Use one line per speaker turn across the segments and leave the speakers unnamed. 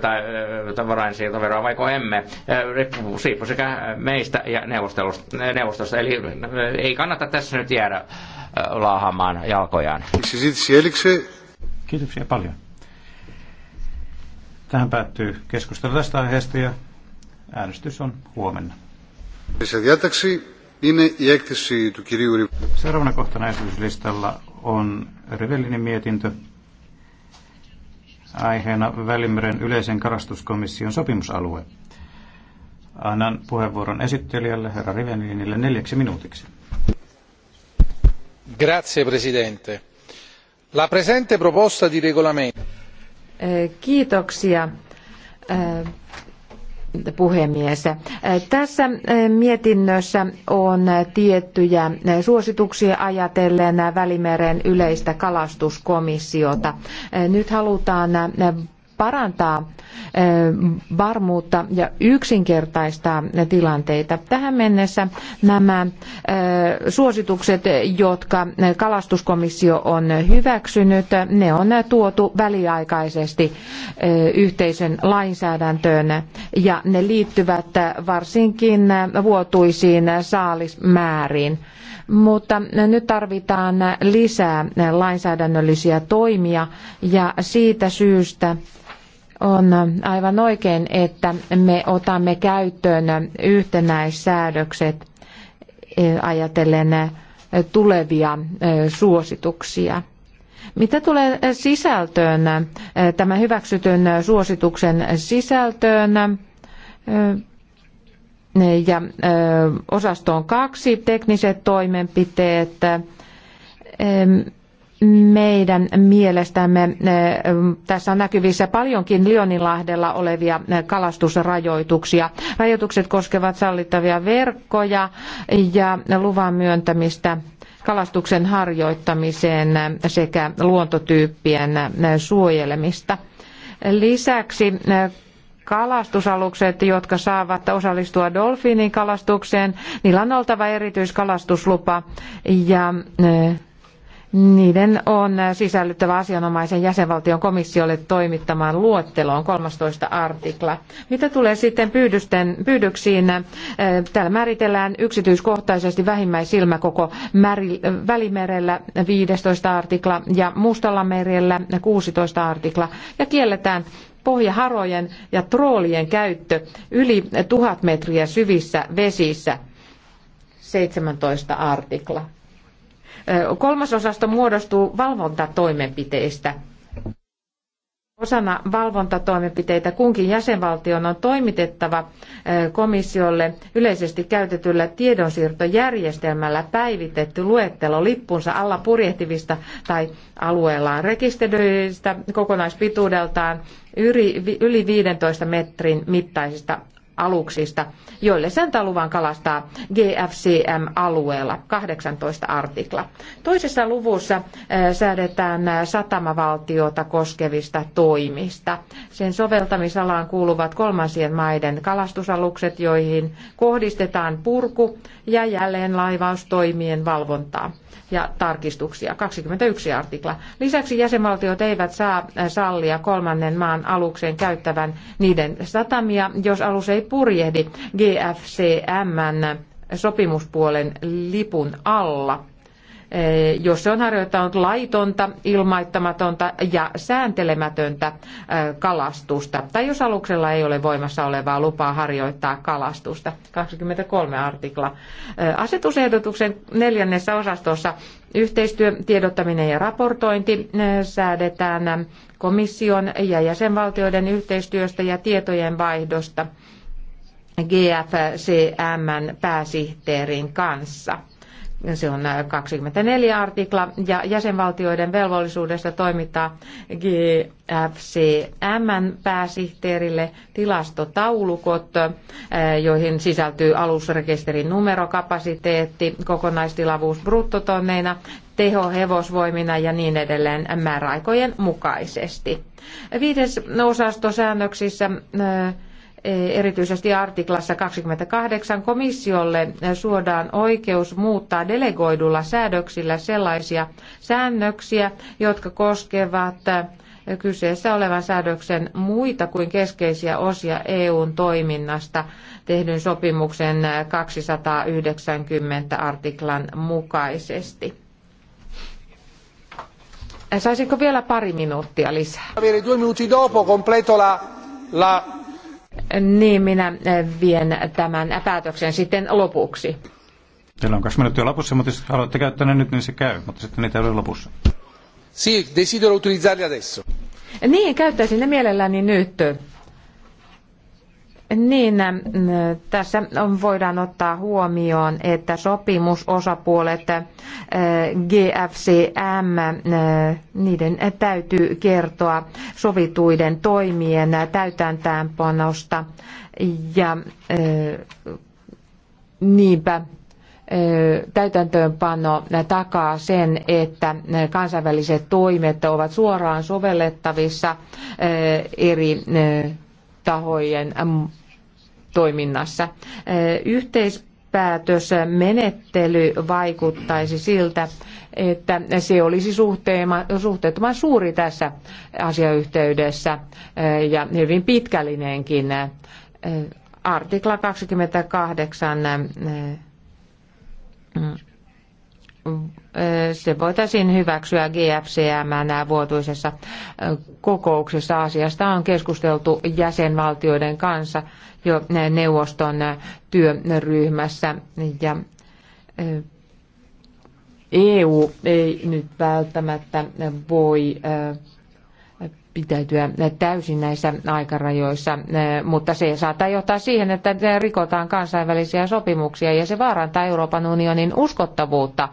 tai varainsiirtoveroa vaiko emme, riippuu sekä meistä ja neuvostosta. Eli ei kannata tässä nyt jäädä laahamaan jalkojaan.
Kiitoksia paljon. Tähän päättyy keskustelu tästä aiheesta ja äänestys on huomenna. Seuraavana kohtana esityslistalla on Revellinin mietintö aiheena Välimeren yleisen karastuskomission sopimusalue. Annan puheenvuoron esittelijälle, herra Riveninille, neljäksi minuutiksi. Grazie, presidente. La presente proposta di regolamento.
Kiitoksia puhemies. Tässä eh, mietinnössä on tiettyjä eh, suosituksia ajatellen Välimeren yleistä kalastuskomissiota. Eh, nyt halutaan parantaa varmuutta ja yksinkertaistaa tilanteita. Tähän mennessä nämä suositukset, jotka kalastuskomissio on hyväksynyt, ne on tuotu väliaikaisesti yhteisen lainsäädäntöön ja ne liittyvät varsinkin vuotuisiin saalismääriin mutta nyt tarvitaan lisää lainsäädännöllisiä toimia ja siitä syystä on aivan oikein, että me otamme käyttöön yhtenäissäädökset e, ajatellen tulevia e, suosituksia. Mitä tulee sisältöön, e, tämän hyväksytyn suosituksen sisältöön ja osastoon kaksi tekniset toimenpiteet, meidän mielestämme tässä on näkyvissä paljonkin Lioninlahdella olevia kalastusrajoituksia. Rajoitukset koskevat sallittavia verkkoja ja luvan myöntämistä kalastuksen harjoittamiseen sekä luontotyyppien suojelemista. Lisäksi kalastusalukset, jotka saavat osallistua dolfiinin kalastukseen, niillä on oltava erityiskalastuslupa ja niiden on sisällyttävä asianomaisen jäsenvaltion komissiolle toimittamaan luetteloon 13 artikla. Mitä tulee sitten pyydysten, pyydyksiin, eh, täällä määritellään yksityiskohtaisesti vähimmäisilmäkoko Välimerellä 15 artikla ja Mustalla merellä 16 artikla ja kielletään pohjaharojen ja troolien käyttö yli tuhat metriä syvissä vesissä 17 artikla. Kolmas osasto muodostuu valvontatoimenpiteistä. Osana valvontatoimenpiteitä kunkin jäsenvaltion on toimitettava komissiolle yleisesti käytetyllä tiedonsiirtojärjestelmällä päivitetty luettelo lippunsa alla purjehtivista tai alueellaan rekisteröidyistä kokonaispituudeltaan yli 15 metrin mittaisista aluksista, joille sen antaa luvan kalastaa GFCM-alueella, 18 artikla. Toisessa luvussa äh, säädetään äh, satamavaltiota koskevista toimista. Sen soveltamisalaan kuuluvat kolmansien maiden kalastusalukset, joihin kohdistetaan purku, ja jälleen laivaustoimien valvontaa ja tarkistuksia. 21 artikla. Lisäksi jäsenvaltiot eivät saa sallia kolmannen maan alukseen käyttävän niiden satamia, jos alus ei purjehdi GFCM sopimuspuolen lipun alla. Eh, jos se on harjoittanut laitonta, ilmaittamatonta ja sääntelemätöntä eh, kalastusta, tai jos aluksella ei ole voimassa olevaa lupaa harjoittaa kalastusta. 23 artikla. Eh, asetusehdotuksen neljännessä osastossa yhteistyö, tiedottaminen ja raportointi säädetään komission ja jäsenvaltioiden yhteistyöstä ja tietojen vaihdosta GFCMn pääsihteerin kanssa se on 24 äh, artikla, ja jäsenvaltioiden velvollisuudesta toimittaa GFCM pääsihteerille tilastotaulukot, äh, joihin sisältyy alusrekisterin numero, kapasiteetti, kokonaistilavuus bruttotonneina, teho hevosvoimina ja niin edelleen määräaikojen mukaisesti. Viides osastosäännöksissä säännöksissä äh, erityisesti artiklassa 28 komissiolle suodaan oikeus muuttaa delegoidulla säädöksillä sellaisia säännöksiä, jotka koskevat kyseessä olevan säädöksen muita kuin keskeisiä osia EUn toiminnasta tehdyn sopimuksen 290 artiklan mukaisesti. Saisinko vielä pari minuuttia lisää?
due minuti dopo completo la,
la niin minä eh, vien tämän päätöksen sitten
lopuksi. Teillä on kaksi minuuttia lopussa, mutta jos haluatte käyttää ne nyt, niin se käy, mutta sitten niitä ei ole lopussa. Si desidero utilizzarli adesso.
Niin, käyttäisin ne mielelläni nyt. Niin, tässä voidaan ottaa huomioon, että sopimusosapuolet GFCM, niiden täytyy kertoa sovituiden toimien täytäntäänpanosta ja niinpä täytäntöönpano takaa sen, että kansainväliset toimet ovat suoraan sovellettavissa eri tahojen toiminnassa. Yhteispäätösmenettely vaikuttaisi siltä, että se olisi suhteettoman suuri tässä asiayhteydessä ja hyvin pitkällinenkin. Artikla 28 se voitaisiin hyväksyä GFCM vuotuisessa kokouksessa. Asiasta on keskusteltu jäsenvaltioiden kanssa jo neuvoston työryhmässä ja EU ei nyt välttämättä voi pitäytyä täysin näissä aikarajoissa, eh, mutta se saattaa johtaa siihen, että rikotaan kansainvälisiä sopimuksia ja se vaarantaa Euroopan unionin uskottavuutta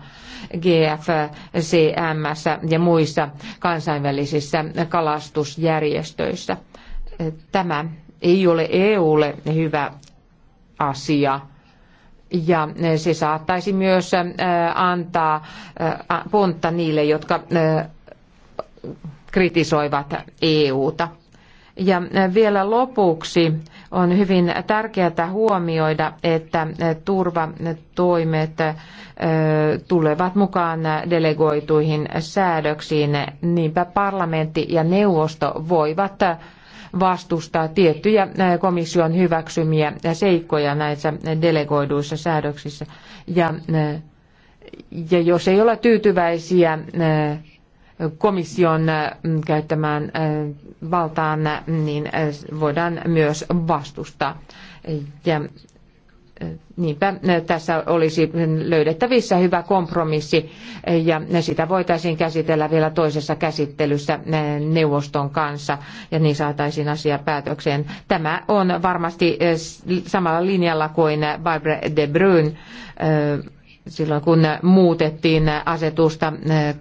GFCM ja muissa kansainvälisissä kalastusjärjestöissä. Eh, tämä ei ole EUlle hyvä asia ja eh, se saattaisi myös antaa pontta niille, jotka kritisoivat EUta. Ja vielä lopuksi on hyvin tärkeää huomioida, että turvatoimet tulevat mukaan delegoituihin säädöksiin. Niinpä parlamentti ja neuvosto voivat vastustaa tiettyjä komission hyväksymiä seikkoja näissä delegoiduissa säädöksissä. Ja, ja jos ei ole tyytyväisiä komission äh, käyttämään äh, valtaan, äh, niin voidaan myös vastustaa. Ja niinpä tässä olisi löydettävissä hyvä kompromissi ja sitä voitaisiin käsitellä vielä toisessa käsittelyssä neuvoston kanssa ja niin saataisiin asia päätökseen. Tämä on varmasti samalla linjalla kuin Barbara de Bruyn silloin kun muutettiin asetusta 1998-2003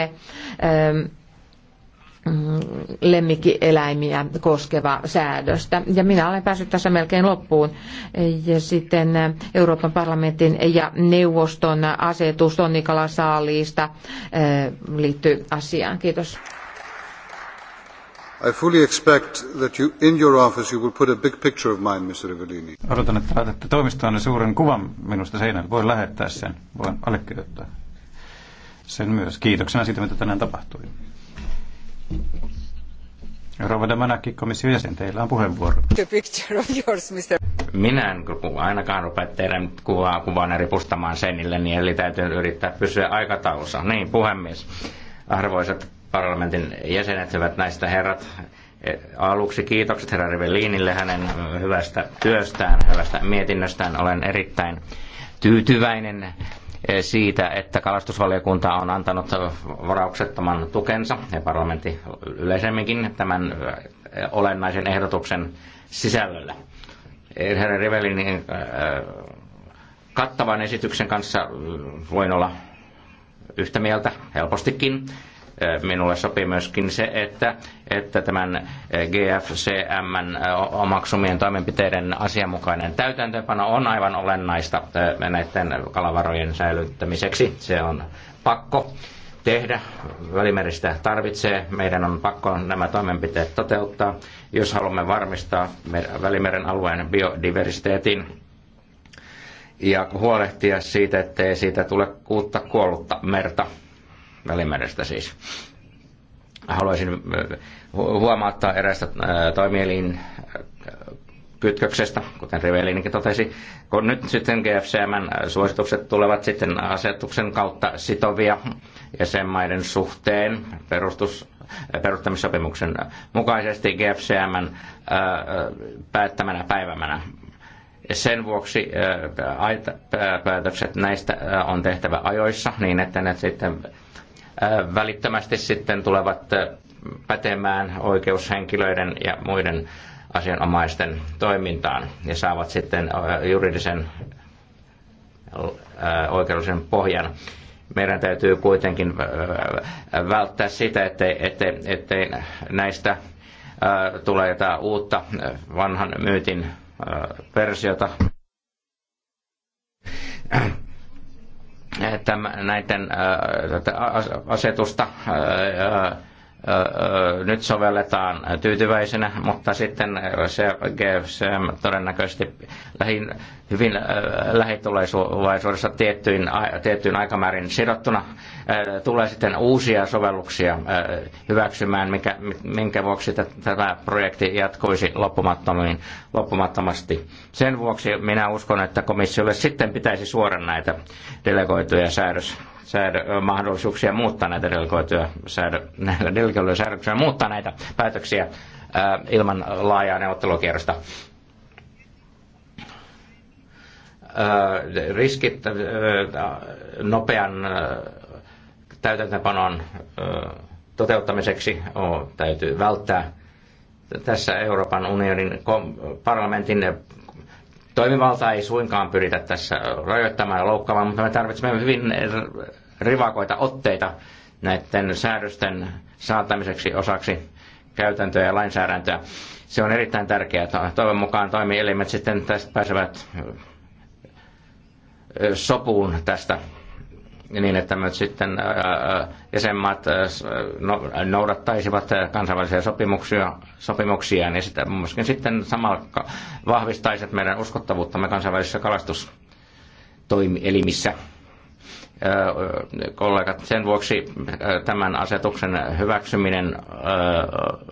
eh, eh, mm, lemmikkieläimiä koskeva säädöstä. Ja minä olen päässyt tässä melkein loppuun. Ja sitten eh, Euroopan parlamentin ja neuvoston asetus Saaliista liittyy asiaan. Kiitos.
I fully expect that you, in your office you will put a big picture of mine, Mr. Rivellini. Odotan, että laitatte toimistoonne suuren kuvan minusta seinälle. Voin lähettää sen. Voin allekirjoittaa sen myös. Kiitoksena siitä, mitä tänään tapahtui.
Rouva Damanaki, komission jäsen, teillä on puheenvuoro.
The picture of
yours, Mr.
Minä en ainakaan rupea teidän kuvaa, kuvaan ripustamaan senille, niin eli täytyy yrittää pysyä aikataulussa. Niin, puhemies. Arvoisat parlamentin jäsenet, hyvät näistä herrat. E, aluksi kiitokset herra Rivellinille hänen hyvästä työstään, hyvästä mietinnöstään. Olen erittäin tyytyväinen e, siitä, että kalastusvaliokunta on antanut varauksettoman tukensa ja parlamentti yleisemminkin tämän e, olennaisen ehdotuksen sisällöllä. Herra Rivelinin kattavan esityksen kanssa mm, voin olla yhtä mieltä helpostikin. Eh, minulle sopii myöskin se, että, että tämän eh, GFCM omaksumien toimenpiteiden asianmukainen täytäntöpano on aivan olennaista eh, näiden kalavarojen säilyttämiseksi. Se on pakko tehdä. Välimeristä tarvitsee. Meidän on pakko nämä toimenpiteet toteuttaa, jos haluamme varmistaa Välimeren alueen biodiversiteetin ja huolehtia siitä, ettei siitä tule kuutta kuollutta merta. Välimerestä siis. Haluaisin äh, huomauttaa eräästä äh, toimielin äh, kytköksestä, kuten Rivelinikin totesi, kun nyt sitten GFCMn suositukset tulevat sitten asetuksen kautta sitovia jäsenmaiden suhteen perustus, perustamissopimuksen mukaisesti GFCM päättämänä päivämänä. Sen vuoksi päätökset näistä on tehtävä ajoissa niin, että ne sitten välittömästi sitten tulevat pätemään oikeushenkilöiden ja muiden asianomaisten toimintaan ja saavat sitten juridisen oikeudellisen pohjan. Meidän täytyy kuitenkin välttää sitä, ettei, ettei, ettei näistä tulee jotain uutta vanhan myytin versiota tämän, näiden ää, asetusta ää, nyt sovelletaan tyytyväisenä, mutta sitten se, GFCM todennäköisesti lähin, hyvin lähitulevaisuudessa tiettyyn, tiettyyn aikamäärin sidottuna tulee sitten uusia sovelluksia hyväksymään, mikä, minkä vuoksi tämä projekti jatkuisi loppumattomasti. Sen vuoksi minä uskon, että komissiolle sitten pitäisi suoda näitä delegoituja säädös säädö, mahdollisuuksia muuttaa näitä delegoituja säädö, säädöksiä, muuttaa näitä päätöksiä ää, ilman laajaa neuvottelukierrosta. riskit ää, nopean ää, täytäntöpanon ää, toteuttamiseksi o, täytyy välttää. Tässä Euroopan unionin parlamentin toimivaltaa ei suinkaan pyritä tässä rajoittamaan ja loukkaamaan, mutta me tarvitsemme hyvin rivakoita otteita näiden säädösten saattamiseksi osaksi käytäntöä ja lainsäädäntöä. Se on erittäin tärkeää. Toivon mukaan toimielimet sitten tästä pääsevät sopuun tästä niin, että myös sitten jäsenmaat no, noudattaisivat kansainvälisiä sopimuksia, sopimuksia ja niin sitä myöskin sitten samalla vahvistaisivat meidän uskottavuuttamme kansainvälisissä kalastustoimielimissä. Kollegat, sen vuoksi tämän asetuksen hyväksyminen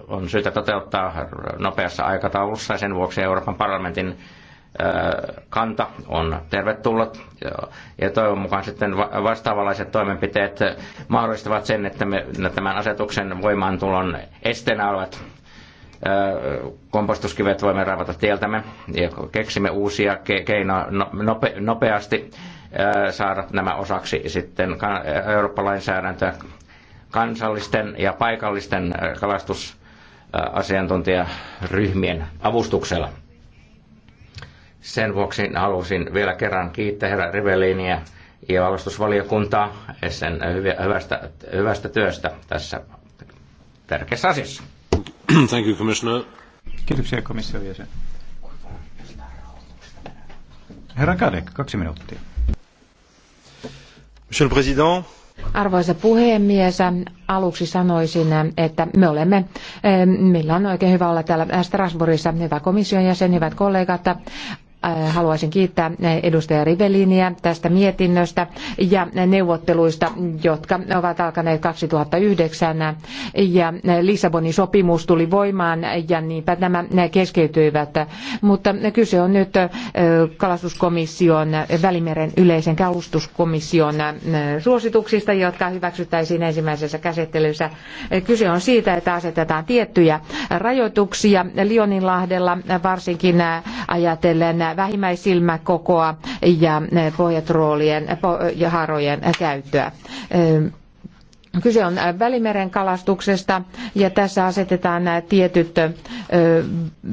on syytä toteuttaa nopeassa aikataulussa ja sen vuoksi Euroopan parlamentin kanta on tervetullut ja toivon mukaan sitten vastaavanlaiset toimenpiteet mahdollistavat sen, että me tämän asetuksen voimaantulon estenä olevat kompostuskivet voimme raivata tieltämme ja keksimme uusia keinoja no-, nopeasti saada nämä osaksi sitten Eurooppa-lainsäädäntöä kansallisten ja paikallisten kalastusasiantuntijaryhmien avustuksella. Sen vuoksi halusin vielä kerran kiittää herra Rivelinia ja valmistusvaliokuntaa sen hyvästä, hyvästä työstä tässä tärkeässä asiassa. Thank you, Commissioner. Kiitoksia komission jäsen.
Herra Kadek, kaksi minuuttia. Monsieur le Président.
Arvoisa puhemies, aluksi sanoisin, että me olemme, eh, meillä on oikein hyvä olla täällä Strasbourgissa, hyvä komission jäsen, hyvät kollegat. Äh, haluaisin kiittää äh, edustaja Riveliniä tästä mietinnöstä ja äh, neuvotteluista, jotka ovat alkaneet 2009 ja Lissabonin sopimus tuli voimaan ja niinpä nämä keskeytyivät. Mutta kyse on nyt kalastuskomission, Välimeren yleisen kalastuskomission suosituksista, jotka hyväksyttäisiin ensimmäisessä käsittelyssä. Kyse on siitä, että asetetaan tiettyjä rajoituksia Lioninlahdella, varsinkin ajatellen vähimmäisilmäkokoa ja eh, pohjatroolien ja harojen käyttöä. Eh, kyse on eh, Välimeren kalastuksesta ja tässä asetetaan nämä tietyt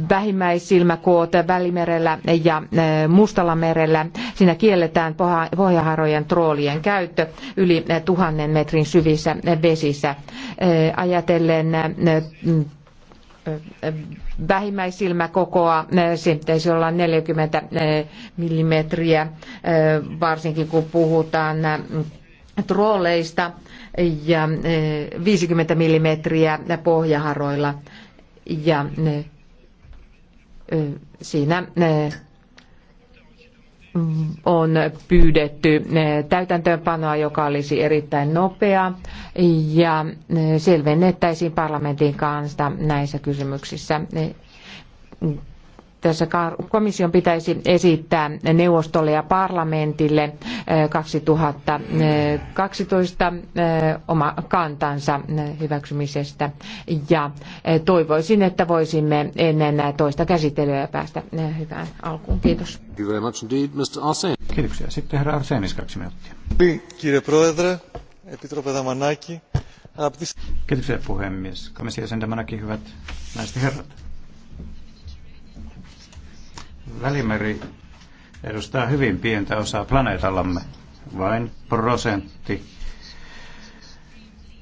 vähimmäissilmäkoot Välimerellä ja Mustalla merellä. Siinä kielletään pohjaharojen troolien käyttö yli tuhannen metrin syvissä vesissä. Ajatellen vähimmäisilmäkokoa, sen pitäisi olla 40 eh, millimetriä, eh, varsinkin kun puhutaan eh, trolleista ja 50 millimetriä pohjaharoilla. Ja siinä on pyydetty eh, täytäntöönpanoa, joka olisi erittäin nopea ja eh, selvennettäisiin parlamentin kanssa näissä kysymyksissä. Eh, tässä komission pitäisi esittää neuvostolle ja parlamentille 2012 eh, eh, oma kantansa eh, hyväksymisestä. Ja toivoisin, että voisimme ennen toista käsittelyä päästä hyvään alkuun. Kiitos.
Kiitoksia. Sitten herra Arsenis kaksi minuuttia. Kiitoksia puhemies. Komission jäsen hyvät naiset herrat. Välimeri edustaa hyvin pientä osaa planeetallamme, vain prosentti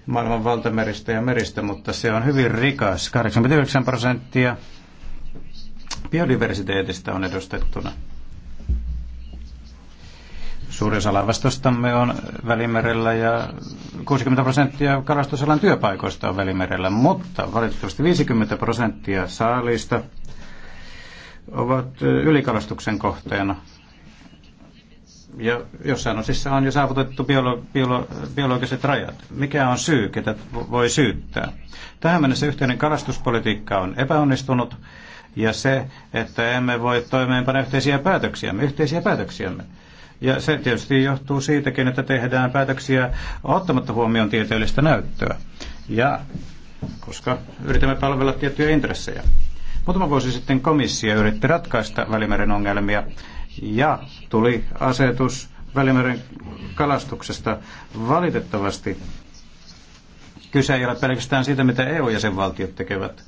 maailman valtameristä ja meristä, mutta se on hyvin rikas. 89 prosenttia biodiversiteetistä on edustettuna. Suurin osa on Välimerellä ja 60 prosenttia kalastusalan työpaikoista on Välimerellä, mutta valitettavasti 50 prosenttia saalista ovat ylikalastuksen kohteena. Ja jossain osissa on jo saavutettu biolo- biolo- biologiset rajat. Mikä on syy, ketä voi syyttää? Tähän mennessä yhteinen kalastuspolitiikka on epäonnistunut ja se, että emme voi toimeenpana yhteisiä päätöksiämme, yhteisiä päätöksiämme. Ja se tietysti johtuu siitäkin, että tehdään päätöksiä ottamatta huomioon tieteellistä näyttöä. Ja koska yritämme palvella tiettyjä intressejä. Muutama vuosi sitten komissio yritti ratkaista Välimeren ongelmia ja tuli asetus Välimeren kalastuksesta. Valitettavasti kyse ei ole pelkästään siitä, mitä EU-jäsenvaltiot tekevät.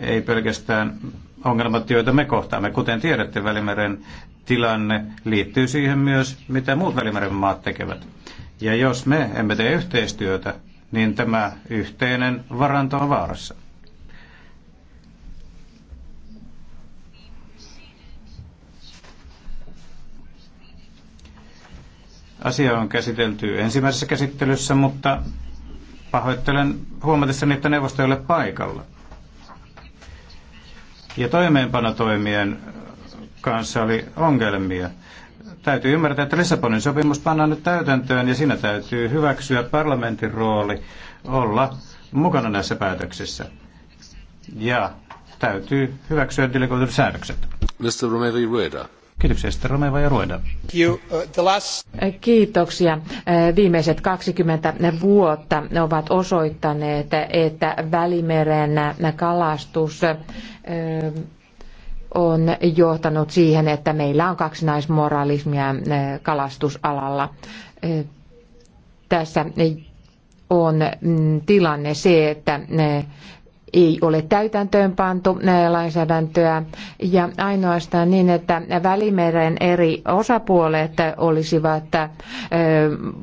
Ei pelkästään ongelmat, joita me kohtaamme. Kuten tiedätte, Välimeren tilanne liittyy siihen myös, mitä muut Välimeren maat tekevät. Ja jos me emme tee yhteistyötä, niin tämä yhteinen varanto on vaarassa. Asia on käsitelty ensimmäisessä käsittelyssä, mutta pahoittelen huomatessani, että neuvosto ei ole paikalla. Ja toimeenpanotoimien kanssa oli ongelmia. Täytyy ymmärtää, että Lissabonin sopimus pannaan nyt täytäntöön ja siinä täytyy hyväksyä parlamentin rooli olla mukana näissä päätöksissä. Ja täytyy hyväksyä delegoidut säädökset. Mr. Rueda. Kiitoksia, Sitten Romeva ja Rueda. Uh,
Kiitoksia. Uh, viimeiset 20 vuotta ovat osoittaneet, että Välimeren kalastus uh, on johtanut siihen, että meillä on kaksinaismoralismia kalastusalalla. Tässä on mm, tilanne se, että ei ole täytäntöönpantu lainsäädäntöä ja ainoastaan niin, että Välimeren eri osapuolet olisivat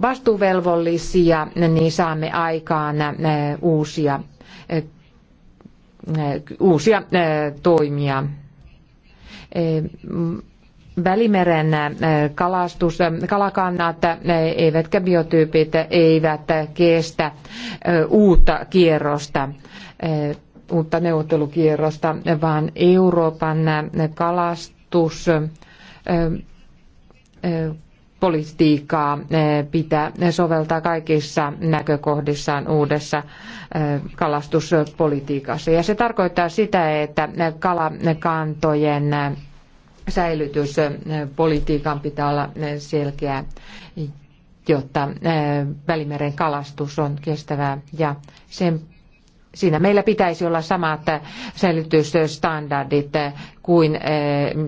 vastuuvelvollisia, niin saamme aikaan uusia, uusia toimia. Välimeren kalastus, kalakannat eivätkä biotyypit eivät kestä uutta kierrosta. Eh, uutta neuvottelukierrosta, vaan Euroopan eh, kalastus eh, politiikkaa pitää soveltaa kaikissa näkökohdissaan uudessa kalastuspolitiikassa. Ja se tarkoittaa sitä, että kalakantojen säilytyspolitiikan pitää olla selkeä, jotta Välimeren kalastus on kestävää ja sen siinä meillä pitäisi olla samat säilytysstandardit kuin eh,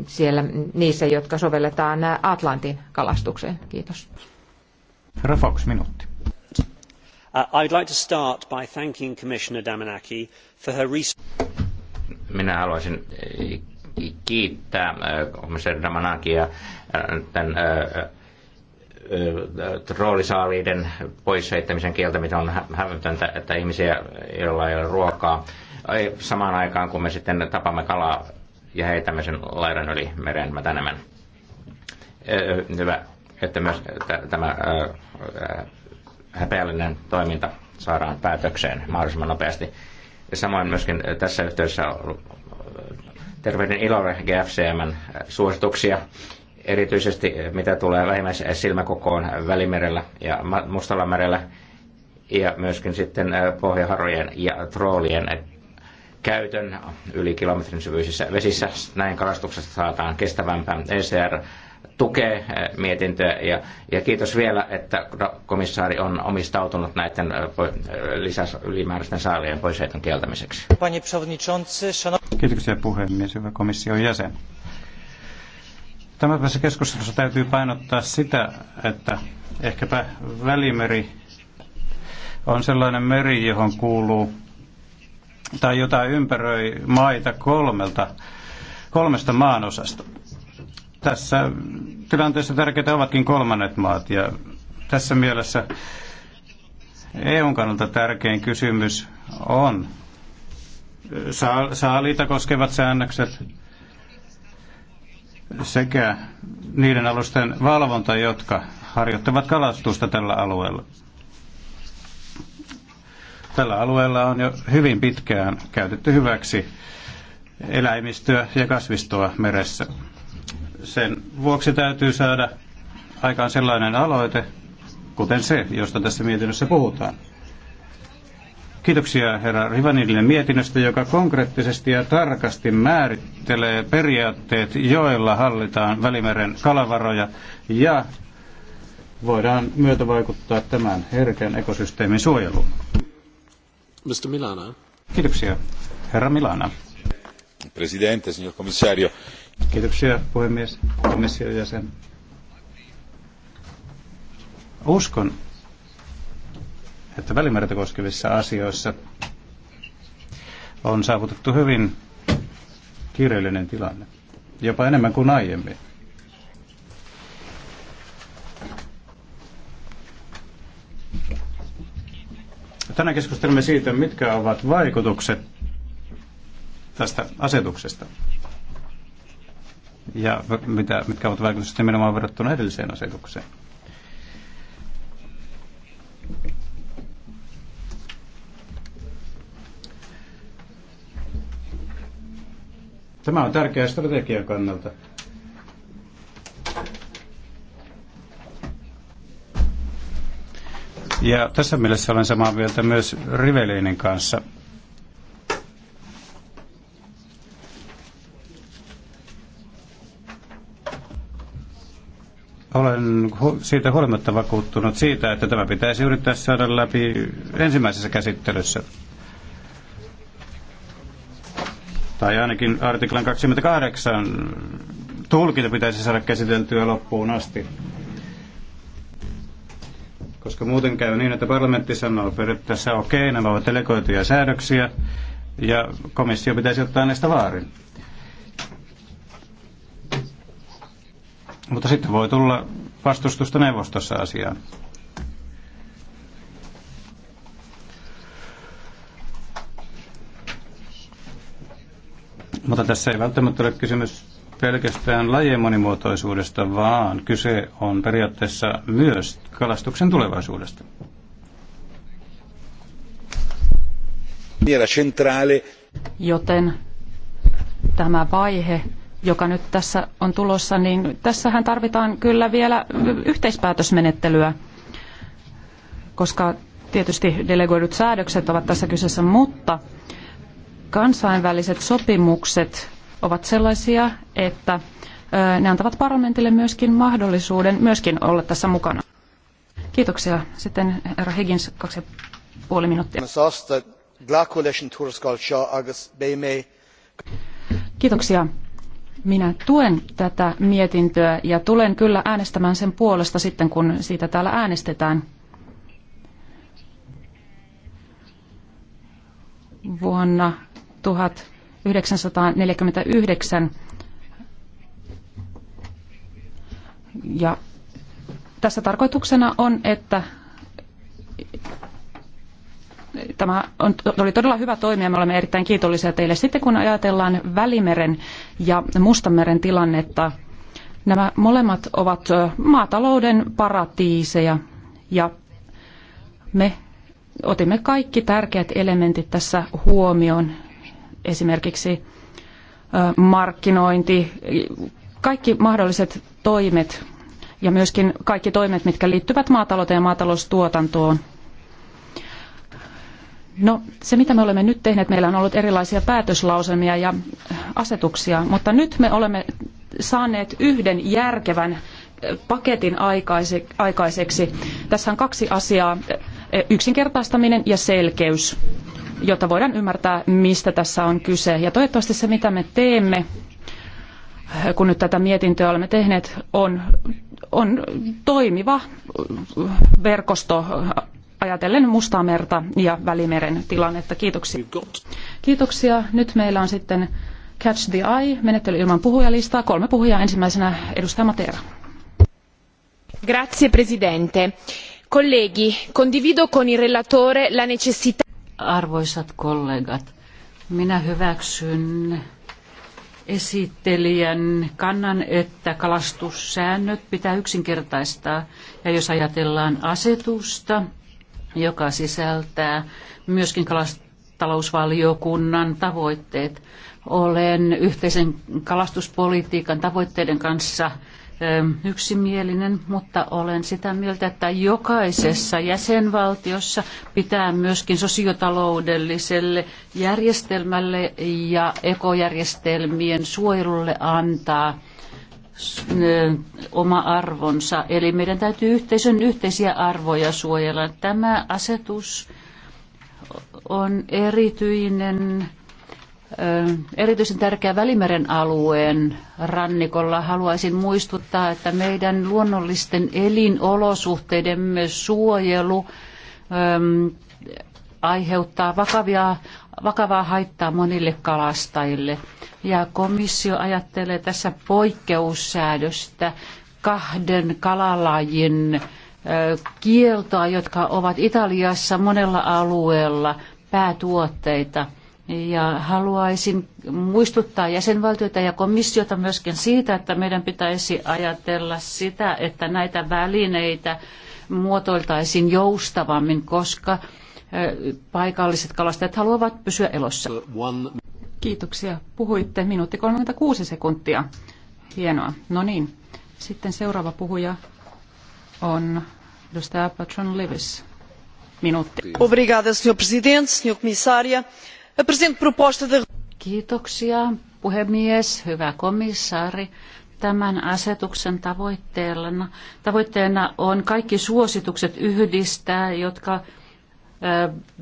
siellä niissä, jotka sovelletaan Atlantin kalastukseen. Kiitos.
Herra Fox, minuutti. Uh, I'd like to start by thanking Commissioner Damanaki
for her recent... Minä haluaisin eh, kiittää eh, komissaari Damanakia tämän troolisaaliiden pois kieltä, mitä on hävytöntä, että ihmisiä, joilla ei ole ruokaa, samaan aikaan kun me sitten tapamme kalaa ja heitämme sen laidan yli meren mätänemän. Hyvä, että myös tämä häpeällinen toiminta saadaan päätökseen mahdollisimman nopeasti. Samoin myöskin tässä yhteydessä terveyden ilolle GFCMn suosituksia erityisesti eh, mitä tulee vähimmäissilmäkokoon eh, Välimerellä ja merellä ja myöskin sitten eh, pohjaharojen ja troolien käytön yli kilometrin syvyisissä vesissä. Näin kalastuksesta saadaan kestävämpää. ECR tukee mietintöä ja, ja kiitos vielä, että no, komissaari on omistautunut näiden lisäs, ylimääräisten saalien poisheiton kieltämiseksi. Kiitoksia puhemies, hyvä komission jäsen.
Tämänpäiväisessä keskustelussa täytyy painottaa sitä, että ehkäpä välimeri on sellainen meri, johon kuuluu tai jota ympäröi maita kolmelta, kolmesta maanosasta. Tässä tilanteessa tärkeitä ovatkin kolmannet maat ja tässä mielessä EUn kannalta tärkein kysymys on saaliita koskevat säännökset, sekä niiden alusten valvonta, jotka harjoittavat kalastusta tällä alueella. Tällä alueella on jo hyvin pitkään käytetty hyväksi eläimistöä ja kasvistoa meressä. Sen vuoksi täytyy saada aikaan sellainen aloite, kuten se, josta tässä mietinnössä puhutaan. Kiitoksia herra Rivanille mietinnöstä, joka konkreettisesti ja tarkasti määrittelee periaatteet, joilla hallitaan Välimeren kalavaroja ja voidaan vaikuttaa tämän herkän ekosysteemin suojeluun. Mr. Milana. Kiitoksia. Herra Milana. Presidente, signor commissario. Kiitoksia puhemies, komission jäsen. Uskon, yhteistyöstä välimerta koskevissa asioissa on saavutettu hyvin kiireellinen tilanne, jopa enemmän kuin aiemmin. Tänään keskustelemme siitä, mitkä ovat vaikutukset tästä asetuksesta ja mitä, mitkä ovat vaikutukset nimenomaan verrattuna edelliseen asetukseen. Tämä on tärkeä strategian kannalta. Ja tässä mielessä olen samaa mieltä myös Rivelinin kanssa. Olen siitä huolimatta vakuuttunut siitä, että tämä pitäisi yrittää saada läpi ensimmäisessä käsittelyssä. tai ainakin artiklan 28 tulkinta pitäisi saada käsiteltyä loppuun asti. Koska muuten käy niin, että parlamentti sanoo periaatteessa okei, okay, nämä ovat delegoituja säädöksiä ja komissio pitäisi ottaa näistä vaarin. Mutta sitten voi tulla vastustusta neuvostossa asiaan. Mutta tässä ei välttämättä ole kysymys pelkästään lajien monimuotoisuudesta, vaan kyse on periaatteessa myös kalastuksen tulevaisuudesta.
Joten tämä vaihe, joka nyt tässä on tulossa, niin tässähän tarvitaan kyllä vielä yhteispäätösmenettelyä, koska tietysti delegoidut säädökset ovat tässä kyseessä, mutta kansainväliset sopimukset ovat sellaisia, että ne antavat parlamentille myöskin mahdollisuuden myöskin olla tässä mukana. Kiitoksia. Sitten herra Higgins, kaksi ja puoli minuuttia. Kiitoksia. Minä tuen tätä mietintöä ja tulen kyllä äänestämään sen puolesta sitten, kun siitä täällä äänestetään. Vuonna 1949. Ja tässä tarkoituksena on, että tämä on, oli todella hyvä toimia. Me olemme erittäin kiitollisia teille. Sitten kun ajatellaan Välimeren ja Mustanmeren tilannetta, nämä molemmat ovat maatalouden paratiiseja ja me otimme kaikki tärkeät elementit tässä huomioon esimerkiksi markkinointi, kaikki mahdolliset toimet ja myöskin kaikki toimet, mitkä liittyvät maatalouteen ja maataloustuotantoon. No se, mitä me olemme nyt tehneet, meillä on ollut erilaisia päätöslauselmia ja asetuksia, mutta nyt me olemme saaneet yhden järkevän paketin aikaiseksi. Tässä on kaksi asiaa, yksinkertaistaminen ja selkeys jotta voidaan ymmärtää, mistä tässä on kyse. Ja toivottavasti se, mitä me teemme, kun nyt tätä mietintöä olemme tehneet, on, on toimiva verkosto ajatellen Mustamerta ja Välimeren tilannetta. Kiitoksia. Kiitoksia. Nyt meillä on sitten Catch the Eye, menettely ilman puhujalistaa. Kolme puhujaa. Ensimmäisenä edustaja Matera.
Grazie Presidente.
Colleghi, condivido con il relatore la necessità Arvoisat kollegat, minä hyväksyn esittelijän kannan, että kalastussäännöt pitää yksinkertaistaa. Ja jos ajatellaan asetusta, joka sisältää myöskin kalastalousvaliokunnan tavoitteet, olen yhteisen kalastuspolitiikan tavoitteiden kanssa yksimielinen, mutta olen sitä mieltä, että jokaisessa jäsenvaltiossa pitää myöskin sosiotaloudelliselle järjestelmälle ja ekojärjestelmien suojelulle antaa oma arvonsa. Eli meidän täytyy yhteisön yhteisiä arvoja suojella. Tämä asetus on erityinen erityisen tärkeä Välimeren alueen rannikolla. Haluaisin muistuttaa, että meidän luonnollisten elinolosuhteidemme suojelu aiheuttaa vakavia, vakavaa haittaa monille kalastajille. Ja komissio ajattelee tässä poikkeussäädöstä kahden kalalajin kieltoa, jotka ovat Italiassa monella alueella päätuotteita – ja haluaisin muistuttaa jäsenvaltioita ja komissiota myöskin siitä, että meidän pitäisi ajatella sitä, että näitä välineitä muotoiltaisiin joustavammin, koska paikalliset kalastajat haluavat pysyä elossa. Kiitoksia. Puhuitte minuutti 36 sekuntia.
Hienoa. No niin. Sitten seuraava puhuja on edustaja Patron Levis. Minuutti.
Obrigada, senhor presidente, senhor comissária. Kiitoksia puhemies, hyvä komissaari. Tämän asetuksen tavoitteena, tavoitteena on kaikki suositukset yhdistää, jotka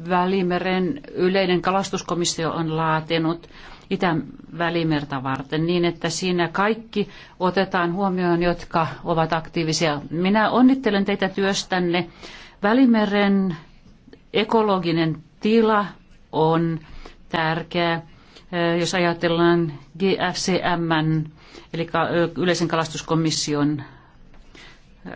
Välimeren yleinen kalastuskomissio on laatinut Itä-Välimerta varten niin, että siinä kaikki otetaan huomioon, jotka ovat aktiivisia. Minä onnittelen teitä työstänne. Välimeren ekologinen tila on tärkeä, jos ajatellaan GFCM, eli yleisen kalastuskomission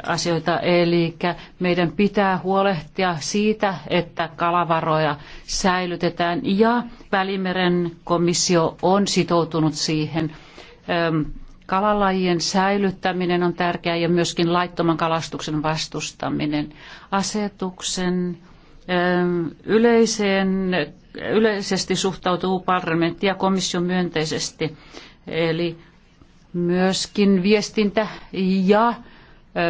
asioita. Eli meidän pitää huolehtia siitä, että kalavaroja säilytetään ja Välimeren komissio on sitoutunut siihen. Kalalajien säilyttäminen on tärkeää ja myöskin laittoman kalastuksen vastustaminen. Asetuksen yleiseen yleisesti suhtautuu parlamentti ja komissio myönteisesti. Eli myöskin viestintä ja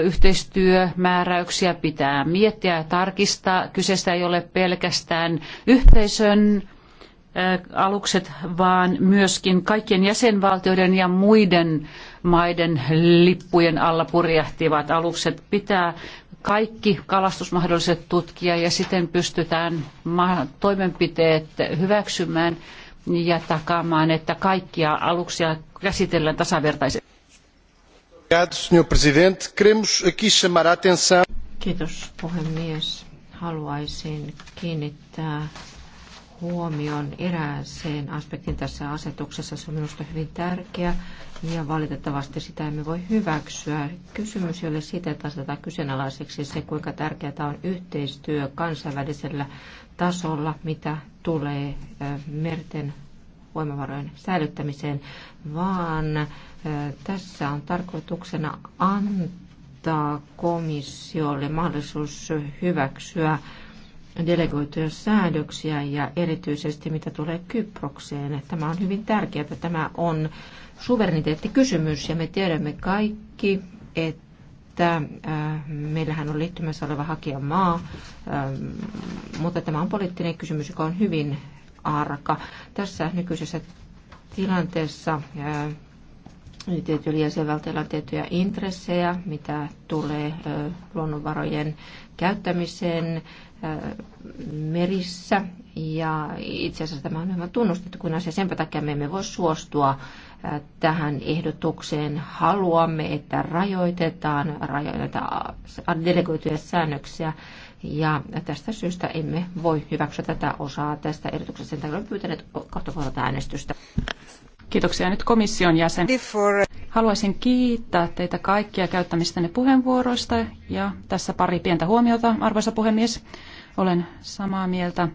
yhteistyömääräyksiä pitää miettiä ja tarkistaa. Kyseessä ei ole pelkästään yhteisön alukset, vaan myöskin kaikkien jäsenvaltioiden ja muiden maiden lippujen alla purjehtivat alukset pitää kaikki kalastusmahdolliset tutkia ja siten pystytään toimenpiteet hyväksymään ja takaamaan, että kaikkia aluksia käsitellään tasavertaisesti.
Kiitos
puhemies. Haluaisin kiinnittää huomion erääseen aspektin tässä asetuksessa. Se on minusta hyvin tärkeä ja valitettavasti sitä emme voi hyväksyä. Kysymys ei ole sitä, että asetetaan kyseenalaiseksi se, kuinka tärkeää on yhteistyö kansainvälisellä tasolla, mitä tulee merten voimavarojen säilyttämiseen, vaan tässä on tarkoituksena antaa komissiolle mahdollisuus hyväksyä delegoituja säädöksiä ja erityisesti mitä tulee Kyprokseen. Tämä on hyvin tärkeää. Tämä on suvereniteettikysymys ja me tiedämme kaikki, että että äh, meillähän on liittymässä oleva hakijamaa, ähm, mutta tämä on poliittinen kysymys, joka on hyvin arka. Tässä nykyisessä tilanteessa äh, tietyllä jäsenvaltioilla on tiettyjä intressejä, mitä tulee luonnonvarojen käyttämiseen merissä. Ja itse asiassa tämä on hyvä tunnustettu kun asia. Sen takia me emme voi suostua tähän ehdotukseen. Haluamme, että rajoitetaan, rajoitetaan delegoituja säännöksiä ja tästä syystä emme voi hyväksyä tätä osaa tästä ehdotuksesta. Sen takia olen pyytänyt kohta äänestystä. Kiitoksia nyt komission jäsen. Haluaisin
kiittää teitä kaikkia käyttämistänne puheenvuoroista ja tässä pari pientä huomiota, arvoisa puhemies. Olen samaa mieltä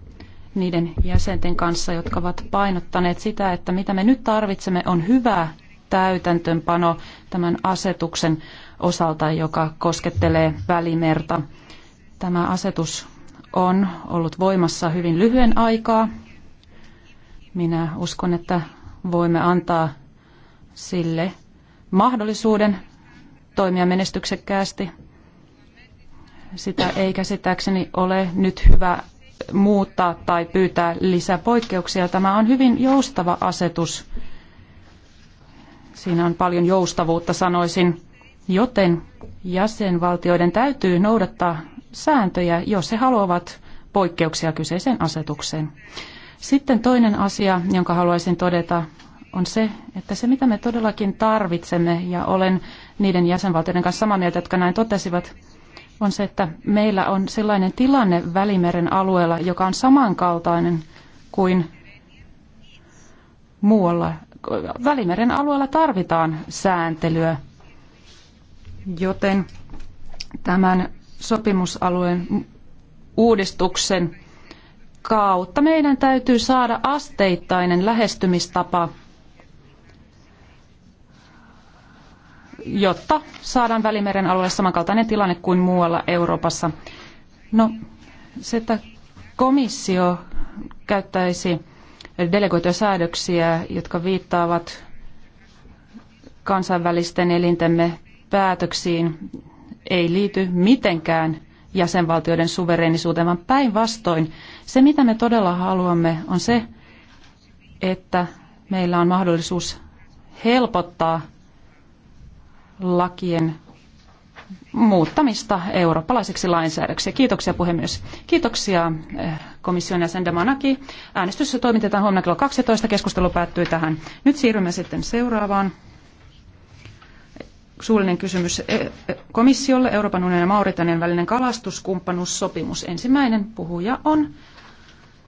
niiden jäsenten kanssa, jotka ovat painottaneet sitä, että mitä me nyt tarvitsemme on hyvä täytäntöönpano tämän asetuksen osalta, joka koskettelee välimerta. Tämä asetus on ollut voimassa hyvin lyhyen aikaa. Minä uskon, että voimme antaa sille mahdollisuuden toimia menestyksekkäästi. Sitä ei käsittääkseni ole nyt hyvä muuttaa tai pyytää lisäpoikkeuksia. Tämä on hyvin joustava asetus. Siinä on paljon joustavuutta, sanoisin. Joten jäsenvaltioiden täytyy noudattaa sääntöjä, jos he haluavat poikkeuksia kyseiseen asetukseen. Sitten toinen asia, jonka haluaisin todeta, on se, että se mitä me todellakin tarvitsemme, ja olen niiden jäsenvaltioiden kanssa samaa mieltä, jotka näin totesivat, on se, että meillä on sellainen tilanne Välimeren alueella, joka on samankaltainen kuin muualla. Välimeren alueella tarvitaan sääntelyä, joten tämän sopimusalueen uudistuksen kautta meidän täytyy saada asteittainen lähestymistapa, jotta saadaan Välimeren alueelle samankaltainen tilanne kuin muualla Euroopassa. No, se, että komissio käyttäisi delegoituja säädöksiä, jotka viittaavat kansainvälisten elintemme päätöksiin, ei liity mitenkään jäsenvaltioiden suvereenisuuteen, vaan päinvastoin se, mitä me todella haluamme, on se, että meillä on mahdollisuus helpottaa lakien muuttamista eurooppalaiseksi lainsäädäksi. Kiitoksia puhemies. Kiitoksia eh, komission jäsen Damanaki. Äänestys toimitetaan huomenna kello 12. Keskustelu päättyy tähän. Nyt siirrymme sitten seuraavaan. Suullinen kysymys eh, eh, komissiolle Euroopan unionin ja Mauritanian välinen kalastuskumppanuussopimus. Ensimmäinen puhuja on